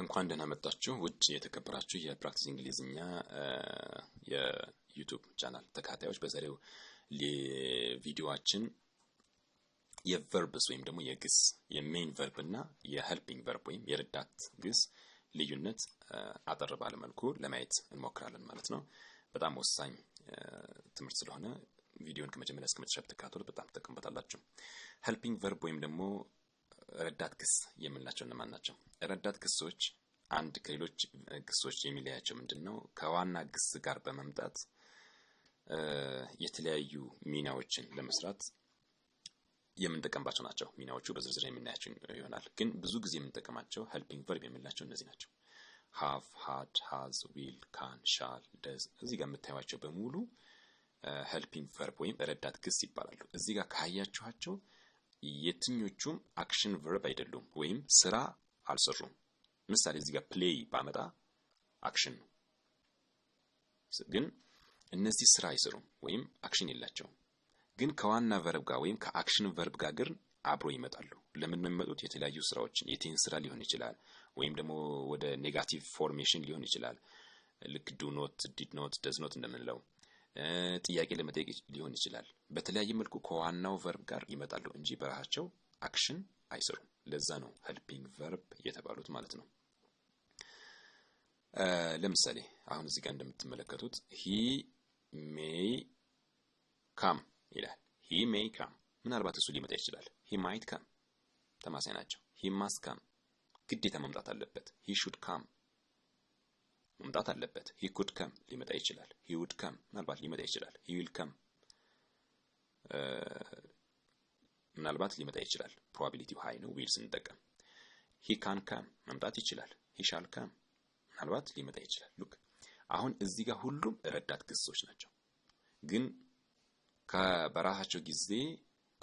እንኳን ደህና መጣችሁ ውድ የተከበራችሁ የፕራክቲስ እንግሊዝኛ የዩቱብ ቻናል ተከታታዮች። በዛሬው ቪዲዮችን የቨርብስ ወይም ደግሞ የግስ የሜን ቨርብ እና የሄልፒንግ ቨርብ ወይም የረዳት ግስ ልዩነት አጠር ባለ መልኩ ለማየት እንሞክራለን ማለት ነው። በጣም ወሳኝ ትምህርት ስለሆነ ቪዲዮን ከመጀመሪያ እስከ መጨረሻ ተከታተሉ። በጣም ትጠቀሙበታላችሁ። ሄልፒንግ ቨርብ ወይም ደግሞ ረዳት ክስ የምንላቸው እነማን ናቸው? ረዳት ክሶች አንድ ከሌሎች ክሶች የሚለያቸው ምንድን ነው? ከዋና ክስ ጋር በመምጣት የተለያዩ ሚናዎችን ለመስራት የምንጠቀምባቸው ናቸው። ሚናዎቹ በዝርዝር የምናያቸው ይሆናል። ግን ብዙ ጊዜ የምንጠቀማቸው ሄልፒንግ ቨርብ የምንላቸው እነዚህ ናቸው። ሃቭ፣ ሃድ፣ ሃዝ፣ ዊል፣ ካን፣ ሻል፣ ደዝ እዚህ ጋር የምታዩቸው በሙሉ ሄልፒንግ ቨርብ ወይም ረዳት ክስ ይባላሉ። እዚህ ጋር ካያችኋቸው የትኞቹም አክሽን ቨርብ አይደሉም ወይም ስራ አልሰሩም። ምሳሌ እዚህ ጋር ፕሌይ ባመጣ አክሽን ነው፣ ግን እነዚህ ስራ አይሰሩም ወይም አክሽን የላቸውም። ግን ከዋና ቨርብ ጋር ወይም ከአክሽን ቨርብ ጋር ግን አብሮ ይመጣሉ። ለምን ነው የሚመጡት? የተለያዩ ስራዎችን የቴንስ ስራ ሊሆን ይችላል ወይም ደግሞ ወደ ኔጋቲቭ ፎርሜሽን ሊሆን ይችላል። ልክ ዱ ኖት፣ ዲድ ኖት፣ ደዝ ኖት እንደምንለው ጥያቄ ለመጠየቅ ሊሆን ይችላል። በተለያየ መልኩ ከዋናው ቨርብ ጋር ይመጣሉ እንጂ በራሳቸው አክሽን አይሰሩም። ለዛ ነው ሄልፒንግ ቨርብ የተባሉት ማለት ነው። ለምሳሌ አሁን እዚህ ጋር እንደምትመለከቱት ሂ ሜይ ካም ይላል። ሂ ሜይ ካም፣ ምናልባት እሱ ሊመጣ ይችላል። ሂ ማይት ካም፣ ተማሳይ ናቸው። ሂ ማስ ካም፣ ግዴታ መምጣት አለበት። ሂ ሹድ ካም መምጣት አለበት። ሂ ኩድ ከም ሊመጣ ይችላል። ሂ ውድ ከም ምናልባት ሊመጣ ይችላል። ሂ ዊል ከም ምናልባት ሊመጣ ይችላል። ፕሮባቢሊቲው ሃይ ነው ዊል ስንጠቀም። ሂ ካን ከም መምጣት ይችላል። ሂ ሻል ከም ምናልባት ሊመጣ ይችላል። ሉክ አሁን እዚህ ጋር ሁሉም ረዳት ግሶች ናቸው፣ ግን በራሳቸው ጊዜ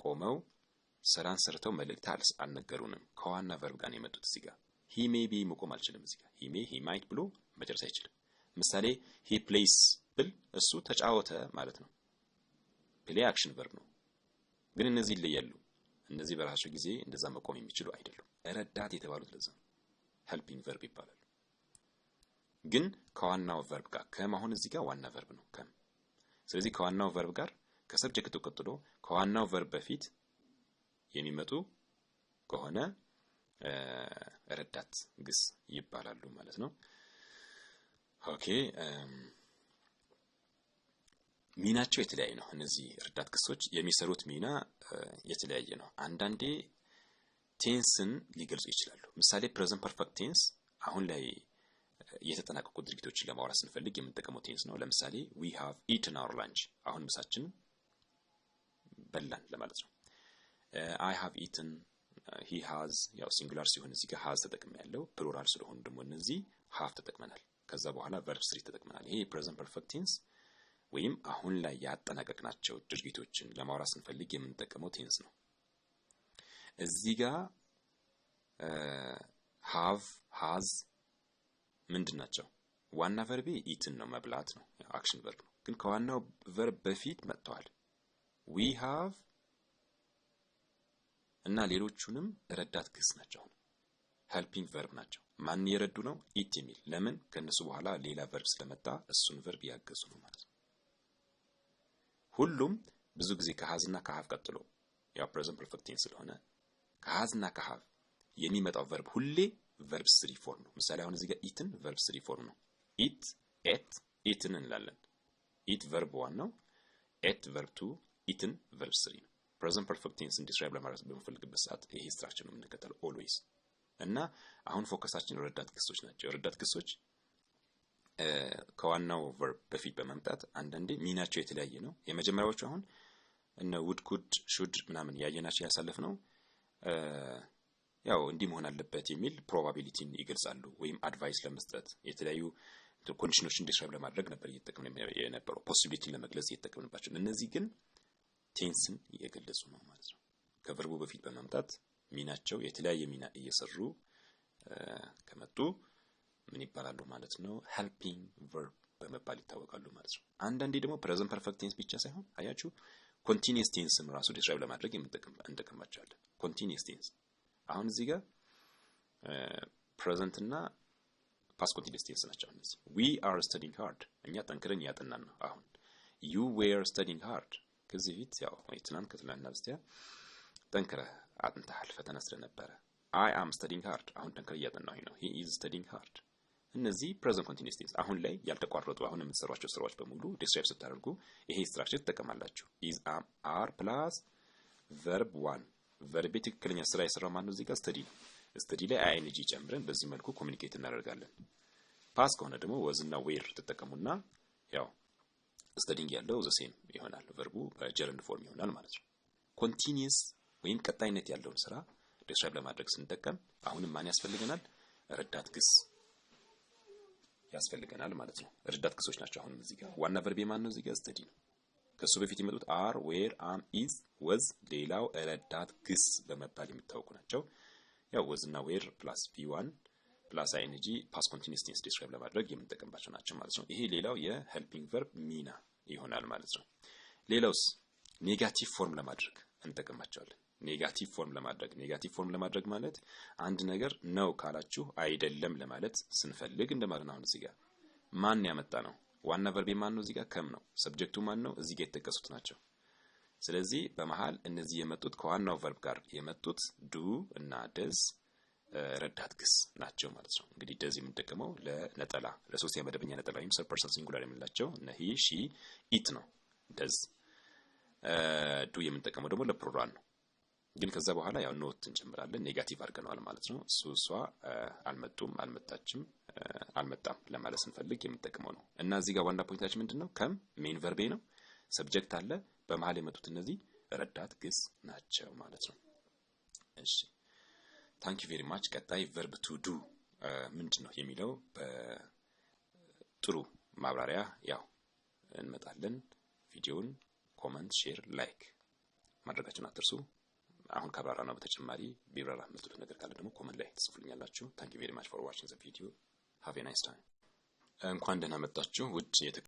ቆመው ስራን ሰርተው መልእክት አልነገሩንም። ከዋና ቨርብ ጋር ነው የመጡት። እዚህ ጋር ሂ ሜይ ቢ መቆም አልችልም። እዚህ ጋር ሂ ሜይ ሂ ማይት ብሎ መጨረስ አይችልም። ምሳሌ ሂ ፕሌይስ ብል እሱ ተጫወተ ማለት ነው። ፕሌይ አክሽን ቨርብ ነው። ግን እነዚህ ይለያሉ። እነዚህ በራሳቸው ጊዜ እንደዛ መቆም የሚችሉ አይደሉም። ረዳት የተባሉት ለዛ ነው። ሄልፒንግ ቨርብ ይባላሉ። ግን ከዋናው ቨርብ ጋር ከም አሁን እዚህ ጋር ዋና ቨርብ ነው ከም። ስለዚህ ከዋናው ቨርብ ጋር ከሰብጀክቱ ቀጥሎ ከዋናው ቨርብ በፊት የሚመጡ ከሆነ ረዳት ግስ ይባላሉ ማለት ነው። ኦኬ ሚናቸው የተለያየ ነው። እነዚህ ረዳት ክሶች የሚሰሩት ሚና የተለያየ ነው። አንዳንዴ ቴንስን ሊገልጹ ይችላሉ። ምሳሌ ፕሬዘንት ፐርፌክት ቴንስ አሁን ላይ የተጠናቀቁ ድርጊቶችን ለማውራት ስንፈልግ የምንጠቀመው ቴንስ ነው። ለምሳሌ ዊ ሃቭ ኢትን አወር ላንች፣ አሁን ምሳችን በላን ለማለት ነው። አይ ሃቭ ኢትን፣ ሂ ሃዝ፣ ያው ሲንጉላር ሲሆን እዚህ ጋር ሃዝ ተጠቅመ ያለው ፕሉራል ስለሆኑ ደግሞ እነዚህ ሃቭ ተጠቅመናል። ከዛ በኋላ ቨርብ ስሪ ተጠቅመናል። ይሄ የፕሬዘንት ፐርፌክት ቴንስ ወይም አሁን ላይ ያጠናቀቅናቸው ድርጊቶችን ለማውራት ስንፈልግ የምንጠቀመው ቴንስ ነው። እዚህ ጋር ሃቭ ሃዝ ምንድን ናቸው? ዋና ቨርቤ ኢትን ነው መብላት ነው፣ አክሽን ቨርብ ነው። ግን ከዋናው ቨርብ በፊት መጥተዋል። ዊ ሃቭ እና ሌሎቹንም ረዳት ግስ ናቸው። ሄልፒንግ ቨርብ ናቸው። ማን የረዱ ነው? ኢት የሚል ለምን ከነሱ በኋላ ሌላ ቨርብ ስለመጣ እሱን ቨርብ ያገዙ ነው ማለት ነው። ሁሉም ብዙ ጊዜ ከሀዝና ከሀፍ ቀጥሎ ያው ፕሬዘንት ፐርፌክት ቴንስ ስለሆነ ከሀዝና ከሀፍ የሚመጣው ቨርብ ሁሌ ቨርብ ስሪ ፎርም ነው። ምሳሌ አሁን እዚህ ጋር ኢትን ቨርብ ስሪ ፎርም ነው። ኢት ኤት ኢትን እንላለን። ኢት ቨርብ ዋን ነው። ኤት ቨርብ ቱ፣ ኢትን ቨርብ ስሪ ነው። ፕሬዘንት ፐርፌክት ቴንስ ዲስክራይብ ለማድረግ በምፈልግበት ሰዓት ይሄ ስትራክቸር ነው የምንከተለው ኦልዌይስ እና አሁን ፎከሳችን ረዳት ክሶች ናቸው። ረዳት ክሶች ከዋናው ቨርብ በፊት በመምጣት አንዳንዴ ሚናቸው የተለያየ ነው። የመጀመሪያዎቹ አሁን እነ ውድ፣ ኩድ፣ ሹድ ምናምን ያየናቸው ያሳለፍ ነው ያው እንዲህ መሆን አለበት የሚል ፕሮባቢሊቲን ይገልጻሉ። ወይም አድቫይስ ለመስጠት የተለያዩ ኮንዲሽኖችን ዲስክራይብ ለማድረግ ነበር እየተጠቀምን የነበረው ፖሲቢሊቲን ለመግለጽ እየተጠቀምንባቸው። እነዚህ ግን ቴንስን እየገለጹ ነው ማለት ነው ከቨርቡ በፊት በመምጣት ሚናቸው የተለያየ ሚና እየሰሩ ከመጡ ምን ይባላሉ ማለት ነው? ሄልፒንግ ቨርብ በመባል ይታወቃሉ ማለት ነው። አንዳንዴ ደግሞ ፕሬዘንት ፐርፌክት ቴንስ ብቻ ሳይሆን አያችሁ ኮንቲኒየስ ቴንስም ራሱ ዲስክራይብ ለማድረግ እንጠቀምባቸዋለን። ኮንቲኒየስ ቴንስ አሁን እዚህ ጋር ፕሬዘንት እና ፓስት ኮንቲኒየስ ቴንስ ናቸው እነዚህ። ዊ አር ስተዲንግ ሃርድ እኛ ጠንክረን እያጠናን ነው። አሁን ዩ ዌር ስተዲንግ ሃርድ ከዚህ ፊት ያው ትናንት ከትናንትና በስቲያ ጠንክረህ አጥንተሃል፣ ፈተና ስለነበረ። አይ አም ስተዲንግ ሃርድ፣ አሁን ጠንክር እያጠናሁኝ ነው። ሂ ኢዝ ስተዲንግ ሃርድ። እነዚህ ፕሬዘንት ኮንቲኒስ ቴንስ አሁን ላይ ያልተቋረጡ አሁን የምትሰሯቸው ስራዎች በሙሉ ዲስክራይብ ስታደርጉ ይሄ ስትራክቸር ትጠቀማላችሁ። ኢዝ አም አር ፕላስ ቨርብ ዋን። ቨርቤ ትክክለኛ ስራ የሰራው ማነው? እዚህ ጋር ስተዲ ነው። ስተዲ ላይ አይኤንጂ ጨምረን በዚህ መልኩ ኮሚኒኬት እናደርጋለን። ፓስ ከሆነ ደግሞ ወዝና ዌር ትጠቀሙና ያው ስተዲንግ ያለው ዘሴም ይሆናል። ቨርቡ በጀረንድ ፎርም ይሆናል ማለት ነው። ኮንቲኒስ ወይም ቀጣይነት ያለውን ስራ ዲስክራይብ ለማድረግ ስንጠቀም አሁንም ማን ያስፈልገናል? ረዳት ግስ ያስፈልገናል ማለት ነው። ረዳት ግሶች ናቸው። አሁንም እዚህ ጋር ዋና ቨርቤ ማን ነው? እዚህ ጋር ስተዲ ነው። ከሱ በፊት የመጡት አር፣ ዌር፣ አም፣ ኢዝ፣ ወዝ፣ ሌላው ረዳት ግስ በመባል የሚታወቁ ናቸው። ያው ወዝ እና ዌር ፕላስ ቪ ዋን ፕላስ አይንጂ ፓስ ኮንቲኒየስ ቴንስ ዲስክራይብ ለማድረግ የምንጠቀምባቸው ናቸው ማለት ነው። ይሄ ሌላው የሄልፒንግ ቨርብ ሚና ይሆናል ማለት ነው። ሌላውስ ኔጋቲቭ ፎርም ለማድረግ እንጠቀማቸዋለን። ኔጋቲቭ ፎርም ለማድረግ ኔጋቲቭ ፎርም ለማድረግ ማለት አንድ ነገር ነው ካላችሁ አይደለም ለማለት ስንፈልግ እንደማለት ነው። አሁን እዚህ ጋር ማን ያመጣ ነው? ዋና ቨርቤ ማን ነው? እዚህ ጋር ከም ነው። ሰብጀክቱ ማን ነው? እዚህ ጋር የተጠቀሱት ናቸው። ስለዚህ በመሃል እነዚህ የመጡት ከዋናው ቨርብ ጋር የመጡት ዱ እና ደዝ ረዳት ግስ ናቸው ማለት ነው። እንግዲህ ደዝ የምንጠቀመው ለነጠላ ለሶስተኛ መደበኛ ነጠላ ወይም ሰርድ ፐርሰን ሲንጉላር የምንላቸው እነ ሂ ሺ ኢት ነው ደዝ ዱ የምንጠቀመው ደግሞ ለፕሮራን ነው። ግን ከዛ በኋላ ያው ኖት እንጨምራለን ኔጋቲቭ አድርገነዋል ማለት ነው። እሱ እሷ አልመጡም፣ አልመጣችም፣ አልመጣም ለማለት ስንፈልግ የምንጠቅመው ነው እና እዚህ ጋር ዋና ፖይንታችን ምንድን ነው? ከም ሜን ቨርቤ ነው፣ ሰብጀክት አለ፣ በመሀል የመጡት እነዚህ ረዳት ግስ ናቸው ማለት ነው። እሺ ታንክ ዩ ቬሪ ማች። ቀጣይ ቨርብ ቱ ዱ ምንድን ነው የሚለው በጥሩ ማብራሪያ ያው እንመጣለን። ቪዲዮውን ኮመንት፣ ሼር፣ ላይክ ማድረጋችሁን አትርሱ። አሁን ካብራራ ነው በተጨማሪ ቢብራራ የምትሉት ነገር ካለ ደግሞ ኮመንት ላይ ትጽፉልኛላችሁ። ታንክ ዩ ቬሪ ማች ፎር ዋችንግ ዘ ቪዲዮ ሃቭ ኤ ናይስ ታይም። እንኳን ደህና መጣችሁ ውድ